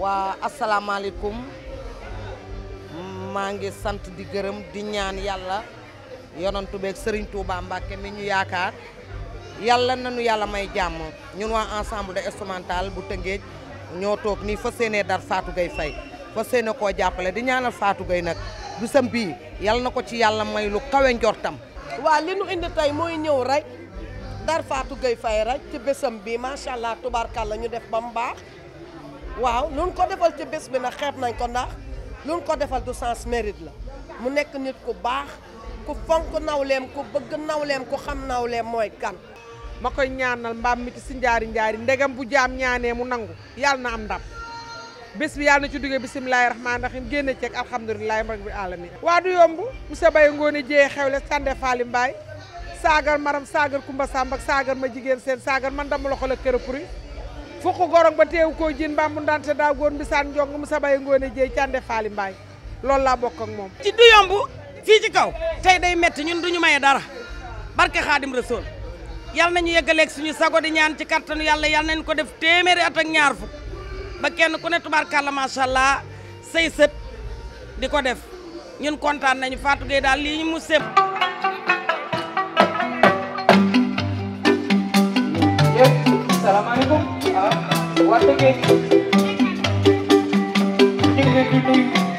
wa assalamualaikum ma ngi sant di gërëm di ñaan yalla yonantu bek serigne Touba mbake mi ñu yaakar yalla nañu yalla may jamm ñun wa ensemble de instrumental bu Tëngéej ño tok ni fassene dar Fatou gay fay fassene ko koo di ñaanal Fatou gay nak du sam bi yalla nako ci yalla may lu kawe njortam. wa li nu indi tay moy ñew rek dar Fatou gay fay rek ci bi ma sha allah tubaarkàlla ñu def bam baax. waaw luñ ko defal ci bés bi nag nañ ko ndax luñ ko defal du sens mérite la mu nekk nit ku baax ku fonk nawleem ku bëgg nawleem ku xam nawleem mooy kan. ma koy ñaanal mbaam mi ci si njaari njaari ndegam bu jaam ñaanee mu nangu yàlla na am ndam bés bi yàlla na ci duggee bisimilahi rahmaani rahim génn ceeg alhamdulilahi rabbil alamin waa du yomb monsieur Baye Ngoone Jéeye xewle Sande Faali Mbaay saagar maram saagar Kumba Samb ak saagar ma jigéen seen saagar man dama loxo la kër fukk gorong ba teew koo jin mbambu ndante daa góor mbisaan njong mu sabay ngoone jeey cànde faali mbaay loolu laa bokk ak moom ci du yomb fii ci kaw tey day metti ñun duñu maye dara barke xaadim rasool yal nañu yeggaleeg suñu sago di ñaan ci kattanu yàlla yal nañ ko def téeméeri at ñaar fukk ba kenn ku ne tubaarkàlla macha allah say sët di ko def ñun kontaan nañu Fatou Gueye daal lii mu sëb salaamaaleykum What the game? ding,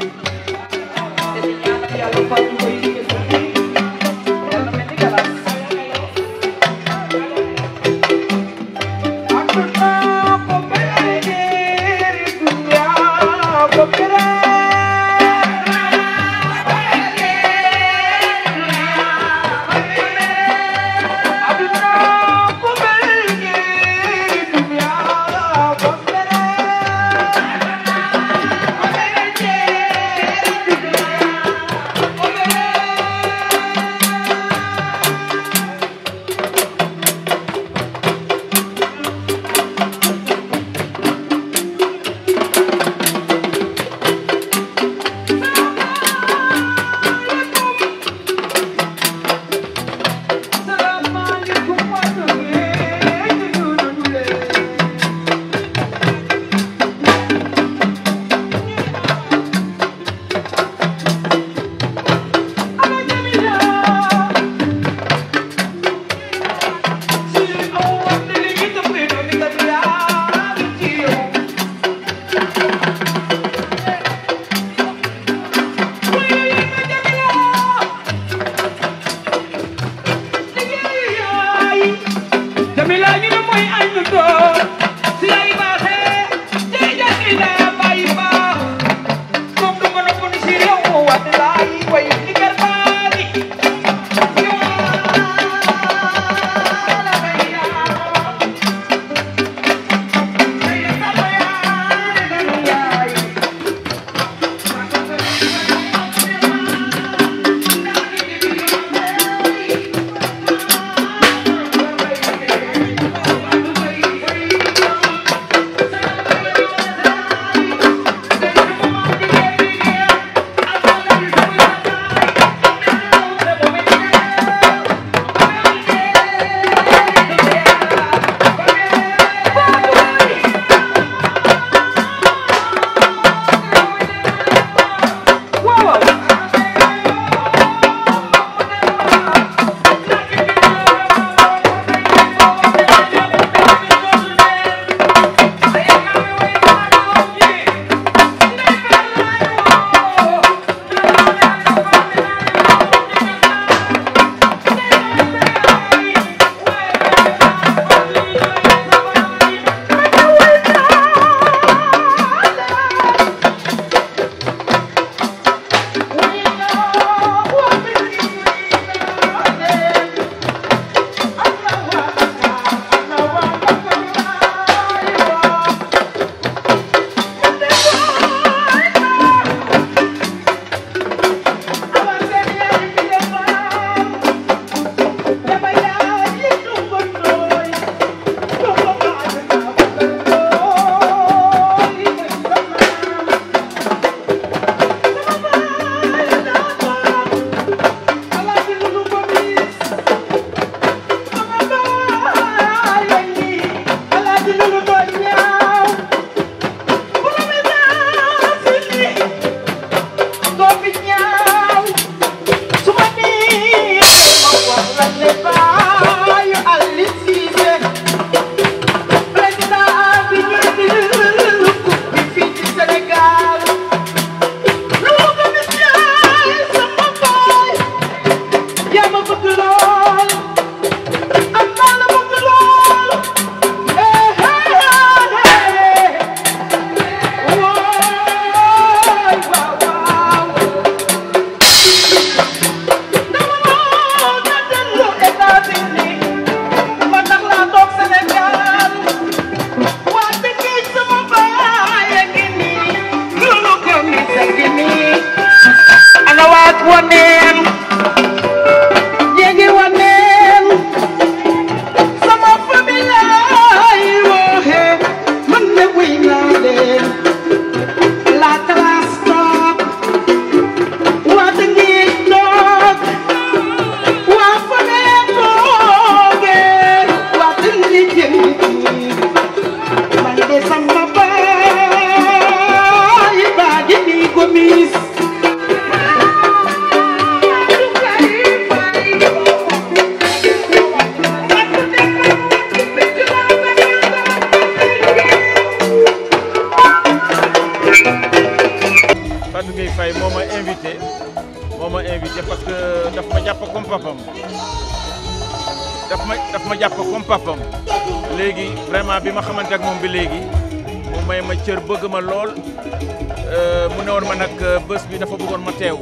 ma lool euh, mu ne ma nak euh, bés bi dafa bëggoon ma teew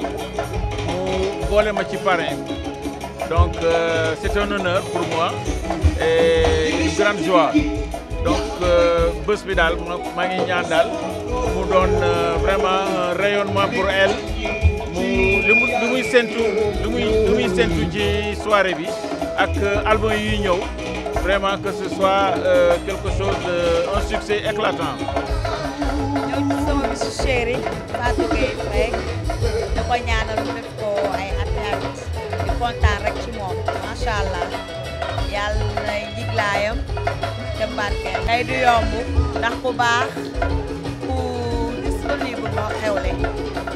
mu boole ma ci parrain donc euh, c'est un honneur pour moi et une grande joie donc euh, bés bi dal ma ngi ñaan dal mu doon euh, vraiment un rayonnement pour elle mu li mu li muy sentu li muy li muy séntu ci soirée bi ak album yi ñëw vraiment que ce soit quelque chose un succès éclatant su chéri Fatou Gueye Faye da ko ñaanal mu def ko ay at di kontaan rek ci moom macha allah yàlla na njiglaayam te barke tey du yomb ndax ku baax ku disponible moo xewle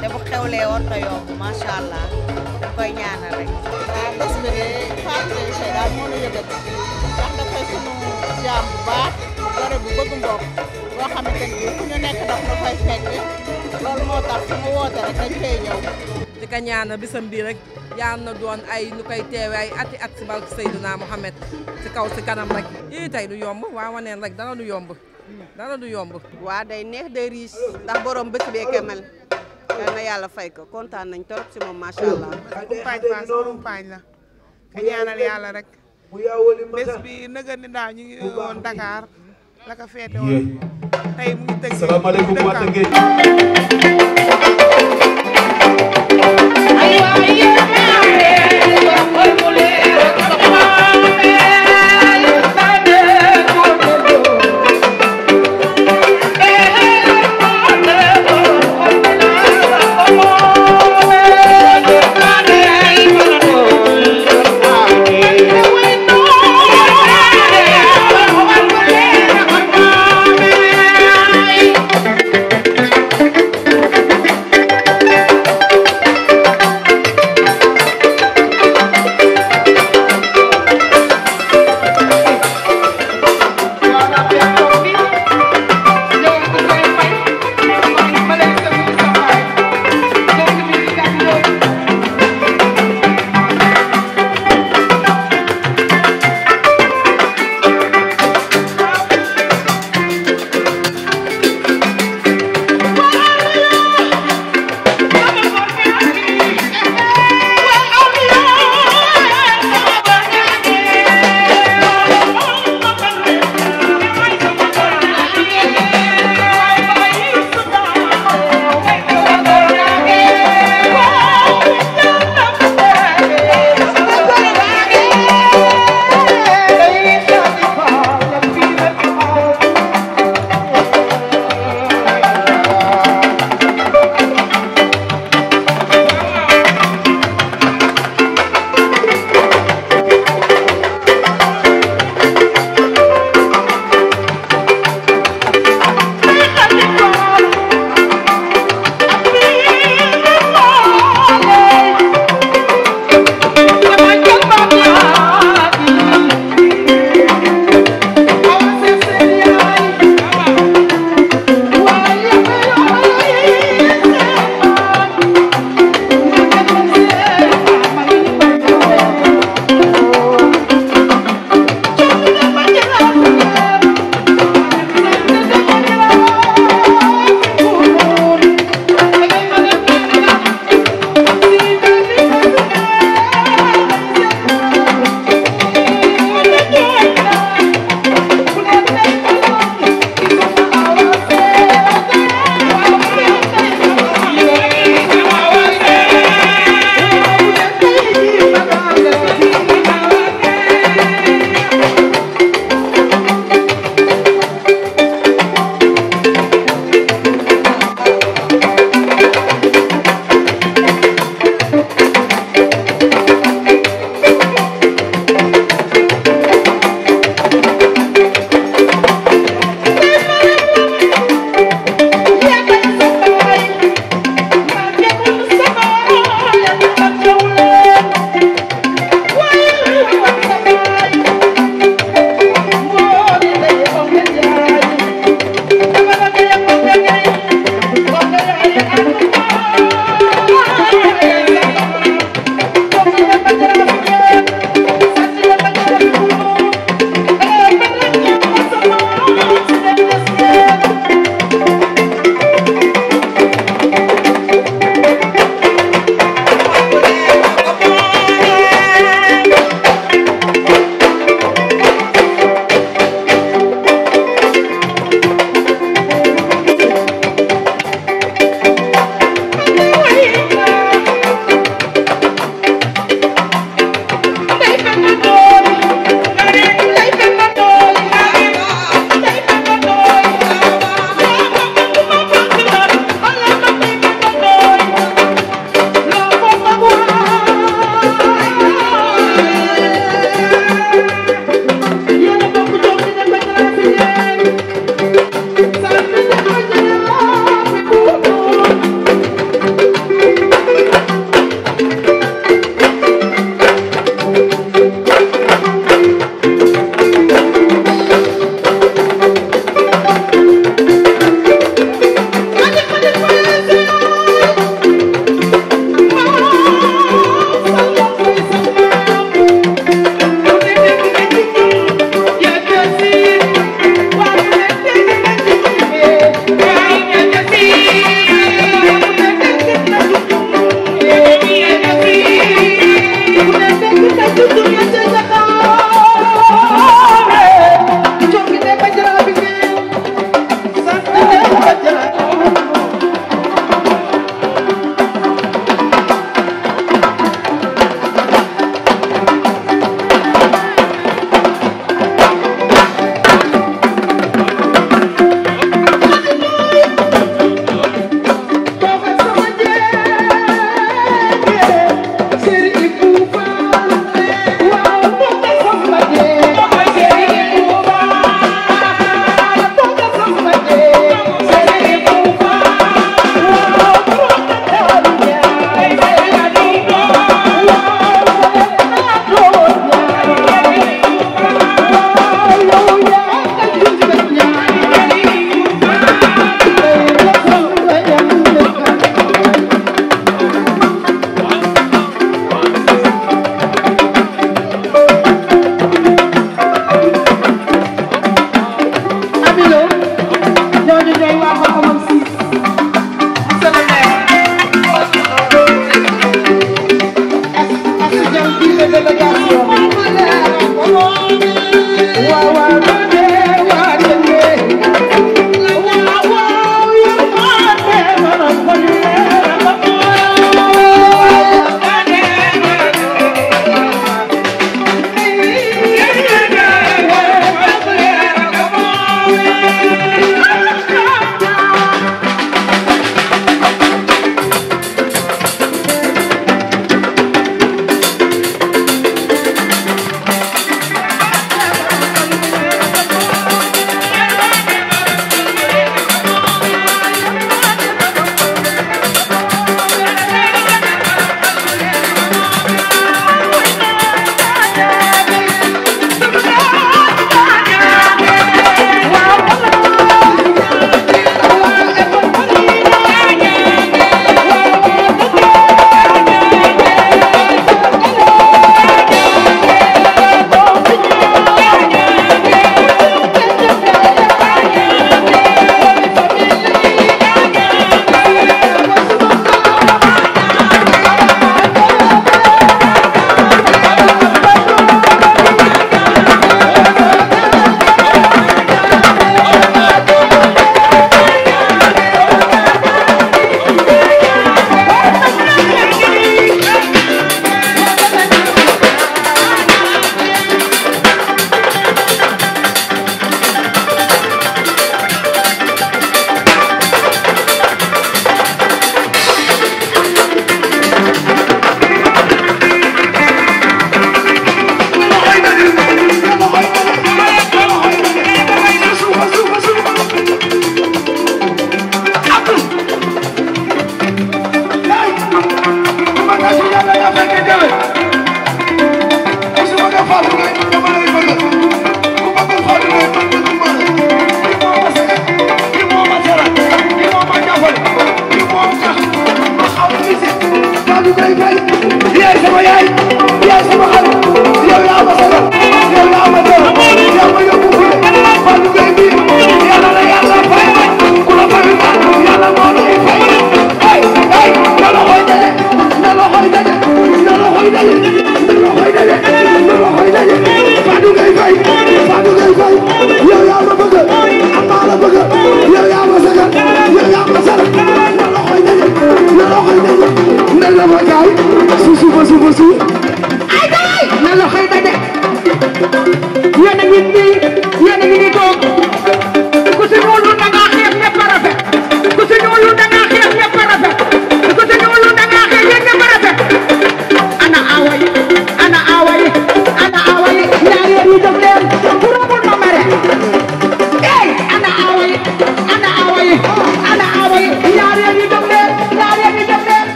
te bu xewlee war na yomb macha allah da koy ñaanal rek. waaw ah, bés bi de Fatou Gueye Faye daal moo ñu bu baax bu bëgg boo xamante ni fu ñu nekk daf na fay fekk loolu moo tax su mu woote rek dañ fay ñëw. di bisam bii rek yaan na doon ay ñu koy teewe ati at si barke Seydina Mohamed si kaw si kanam rek ii tey du yomb waa waneen rek dara du yomb dara du yomb. waa day neex day riche ndax borom bés bee kemal yal yàlla fay ko kontaan nañ torop si moom macha allah. accompagne sa accompagne la ka yàlla rek la ko feete woon tey mu ngi tëgg salaamaaleykum waa Tëngéej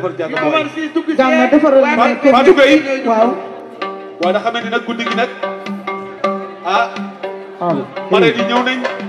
defar jàmm mooy jàmm defaral nañ ko Fatou Gueye waaw. waaw da xamante nag guddi gi nag ah. waaw mare di ñëw nañ.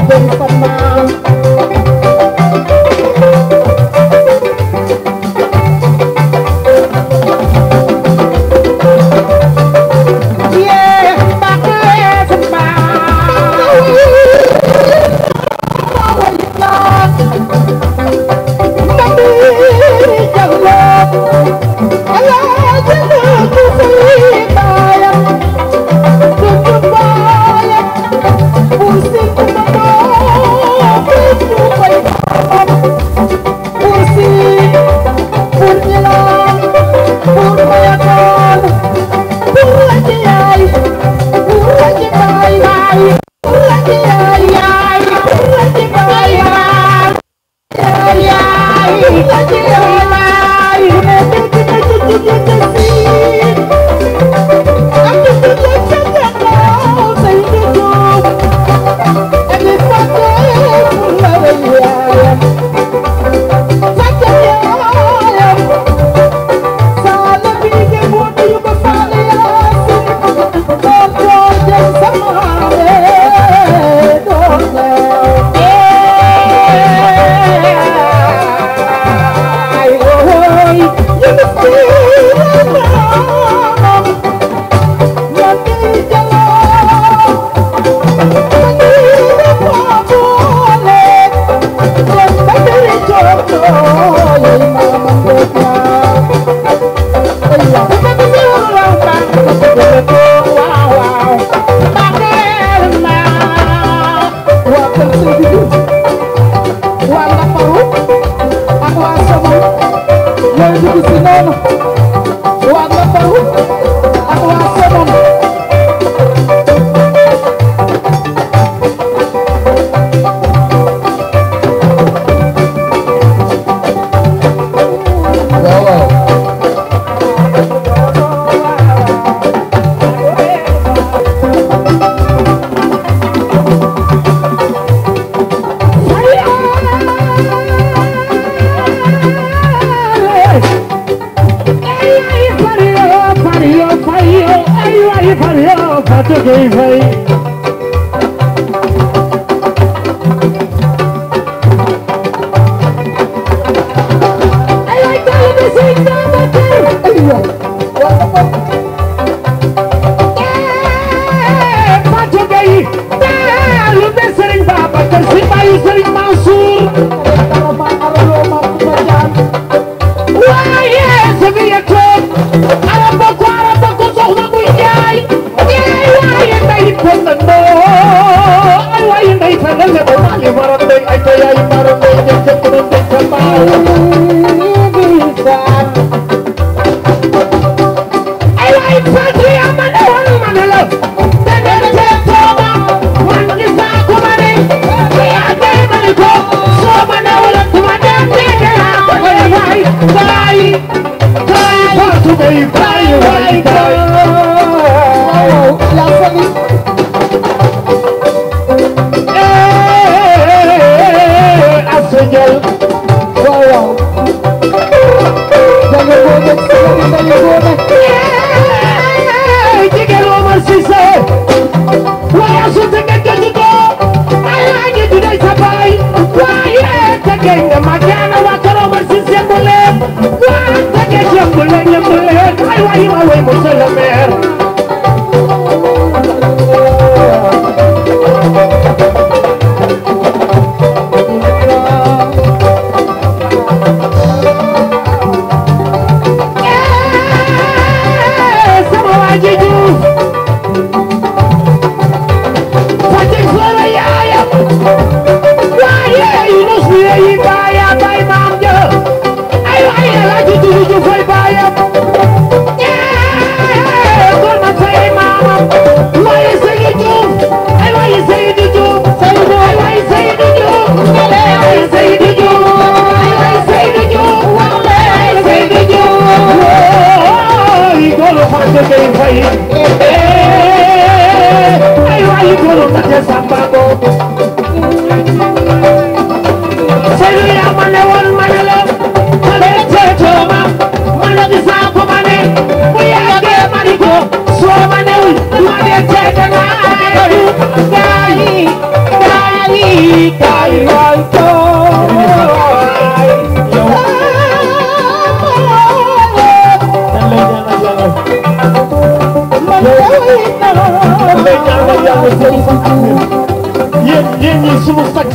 I've been a man. 然后我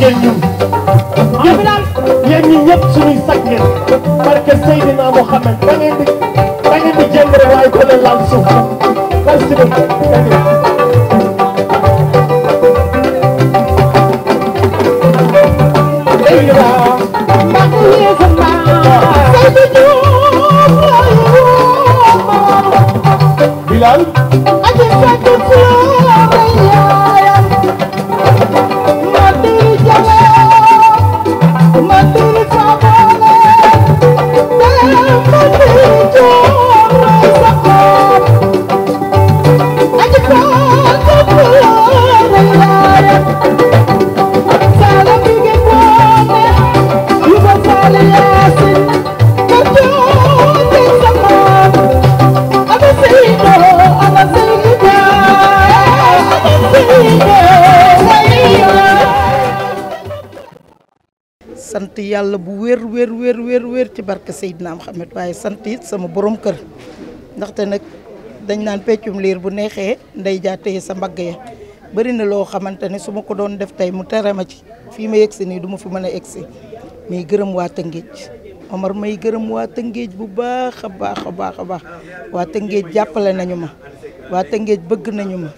ngeen ñun ñëpp yéen ñi ñëpp suñuy sag ngeen barke Seydina Mohamed da ngeen di da ngeen di jéem rek waaye ko leen laal suuf merci beaucoup yàlla bu wér wér wér wér wér ci barke Seydina Mohamed waaye sant yit sama borom kër ndaxte nag dañ naan peccum liir bu neexee nday jaatee sa mbagg ya bëri na loo xamante ne su ma ko doon def tey mu tere ma ci fii ma yegsi nii duma ma fi mën a yegsi may gërëm waa Tëngéej Omar may gërëm waa Tëngéej bu baax a baax a baax a baax waa Tëngéej jàppale nañu ma waa Tëngéej bëgg nañu ma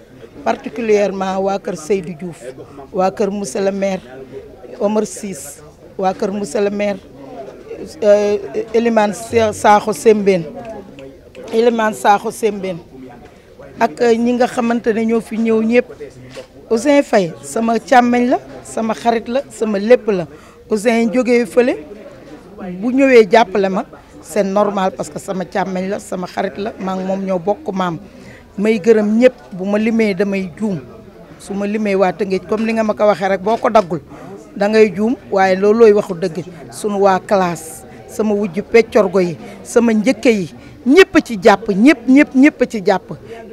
particulièrement waa kër Seydou Diouf waa kër monsieur le maire Omar waa kër mu le maire euh, Elimane Sakho Sembène Elimane Sakho Sembène ak euh, ñi nga xamante ne ñoo fi ñëw ñëpp Ousseyn Faye sama càmmeñ la sama xarit la sama lépp la Ousseyn jógee fële bu ñëwee jàppale ma seen normal parce que sama càmmeñ la sama xarit la maa ngi moom ñoo bokk maam may gërëm ñëpp bu ma limee damay juum su ma limee waa Tëngéej comme ni nga ma ko waxee rek boo ko daggul da ngay juum waaye loolu looy waxu dëgg sunu waa classe sama wujj peccorgo yi sama njëkk yi ñëpp ci jàpp ñëpp ñëpp ñëpp ci jàpp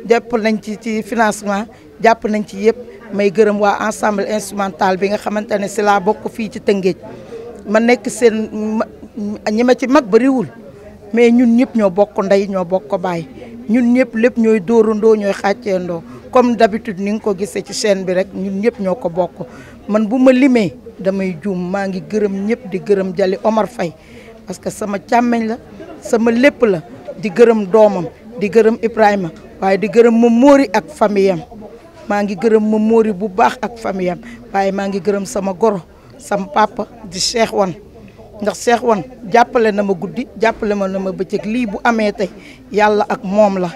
jàpp nañ ci ci financement jàpp nañ ci yëpp may gërëm waa ensemble instrumental bi nga xamante ne si laa bokk fii ci Tëngéej ma nekk seen ñi ci mag bariwul mais ñun ñëpp ñoo bokk ndey ñoo bokk bàyyi ñun ñëpp lépp ñooy dóorandoo ñooy xàcceendoo comme d'habitude ni nga ko gisee ci chaîne bi rek ñun ñëpp ñoo ko bokk man bu ma limee damay juum maa ngi gërëm ñëpp di gërëm Jali Omar Faye parce que sama càmmeñ la sama lépp la di gërëm doomam di gërëm Ibrahima waaye di gërëm ma móori ak famiyam maa ngi gërëm ma móori bu baax ak famiyam waaye maa ngi gërëm sama goro sama papa di Cheikh Wan ndax Cheikh Wan jàppale na ma guddi jàppale ma na ma bëccëg lii bu amee tey yàlla ak moom la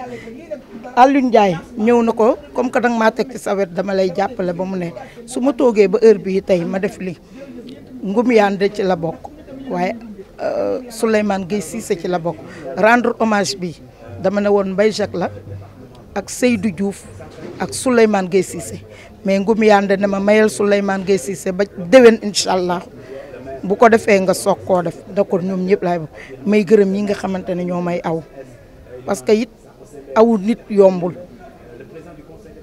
Alioune Ndiaye ñëw na ko comme que danga maa teg ci sawet dama lay jàppale ba mu ne su ma toogee ba heure bi tey ma def li ngum yaan ci la bokk waaye euh, Souleymane Gueye Cissé ci la bokk rendre hommage bi dama ne woon Mbaye Jacques la ak Seydou juuf ak Souleymane Gueye Cissé mais ngum yaan de ne ma mayal Souleymane Gueye Cissé ba déwén incha allah bu ko defee nga soog koo def d'accord ñoom ñëpp laay may gërëm ñi nga xamante ne ñoo may aw parce que aw nit yombul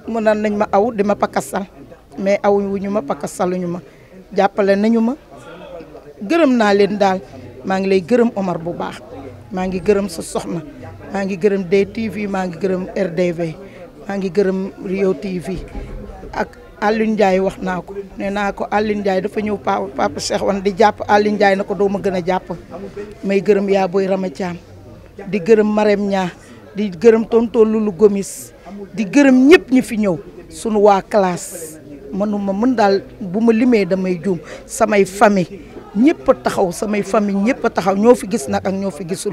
mu naan nañ ma aw di ma pakasal mais awuñu ma pakasaluñu ma jàppale nañu ma gërëm naa leen daal maa ngi lay gërëm Omar bu baax maa ngi gërëm sa soxna maa ngi gërëm DTV maa ngi gërëm RDV maa ngi gërëm Rio TV ak Alioune Ndiaye wax naa ko nee naa ko Alioune dafa ñëw papa papa Cheikh wan di jàpp Alioune Ndiaye na ko doo ma gën a jàpp may gërëm yaa booy Rama Thiam di gërëm Marème Niang di gërëm tonton Loulou Gomis di gërëm ñëpp ñi fi ñëw sunu waa classe mënuma mën daal bu ma limee damay juum samay famille ñëpp taxaw samay famille ñëpp a taxaw ñoo fi gis nag ak ñoo fi gisul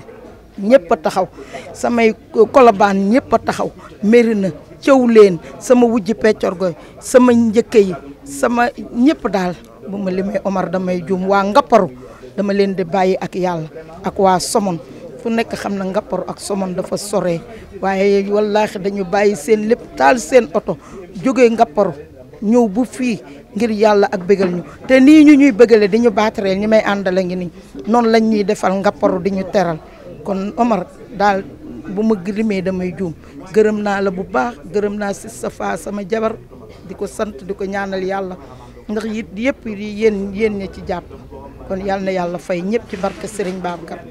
ñëpp taxaw samay kolobaan ñëpp a taxaw mari na cëw leen sama wujj peccorgoy sama njëkk yi sama ñëpp daal bu ma limee Omar damay juum waa Ngapparu dama leen di bàyyi ak yàlla ak waa Somone fu nek xamna na Ngaparou ak somon dafa soré waye wallahi dañu bàyyi seen lépp taal seen oto jógee Ngaparou ñew bu fi ngir yalla ak bëggal ñu té ni ñu ñuy bëggalé di batéré ñi may andal ngi ni non lañ ñuy defal Ngaparou di ñu teral kon Omar dal bu ma grimé damay joom gërem na la bu baax gërem na ci safa sama jabar di sant di ñaanal yalla ndax yit yépp yéen yeen ci japp kon yalla na yalla fay ñepp ci barke Serigne babakar